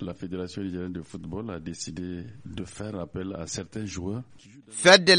La Fédération nigérienne de football a décidé de faire appel à certains joueurs. Fedde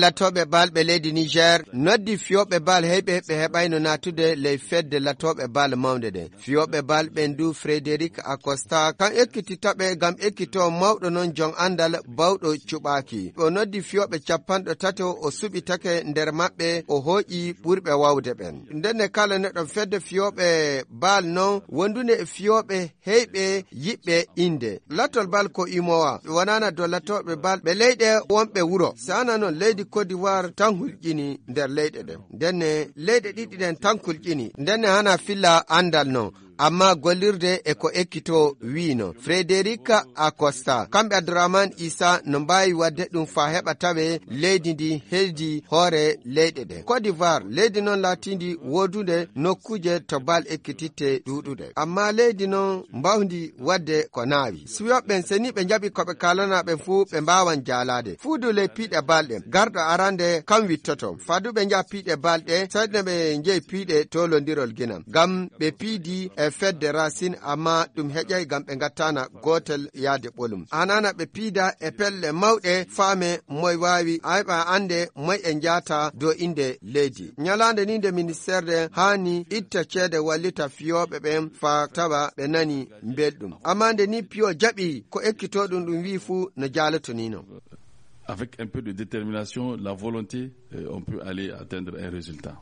bal balɓe du niger noddi Fiobe bal heyɓe heɓe les fêtes de la latoɓe bal mawde Fiobe Bal balɓen du frédéric acosta Ekiti ekkititaɓe gam Ekito mawɗo non jon andal bawɗo cuɓaki o noddi fiyoɓe capanɗo tati o subitake nder maɓɓe o hooƴi Dans le ɓen de ben. kala fête de Fiobe bal noon wondude Fiobe Hebe heyɓe inde leyde lattol bal ko imowa wonana do lattoɓe bal ɓe leyɗe wonɓe wuro sana noon leydi codivoir tan hulƴini nder leyɗe ɗen ndenne leyɗe ɗiɗi ɗen tan hulƴini ndenne hana filla andal non amma gollirde e ko ekkito wino frederika acosta kamɓe abdourahman isa no mbawi wadde ɗum fa heɓa tawe leydi ndi heldi hoore leyɗe ɗe cote d'ivoire leydi noon latidi wodude nokkuje to bal ekkititte ɗuɗuɗe amma leydi noon mbawdi wadde ko nawi siwoɓɓen seni ɓe jaɓi koɓe kalanaɓe fuu ɓe mbawan jalade fuudule piɗe balɗe garɗo arande kam wittoto faduɓe jaha piɗe balɗe saɗinoɓe jeyi piɗe tolodirol guinam gam ɓe piidi e e fedde racine amma ɗum heƴay gam ɓe gattana gotel yaade ɓolum anana ɓe piida e pelle mawɗe faame moye wawi ayɓa ande moye e jata dow inde leydi ñalande ni nde ministére de hani itta ceede wallita fiyoɓe ɓen fa tawa ɓe nani belɗum amma ni Pio jaɓi ko ekkitoɗum ɗum wi fuu no Avec un peu de détermination, la volonté, euh, on peut aller atteindre un résultat.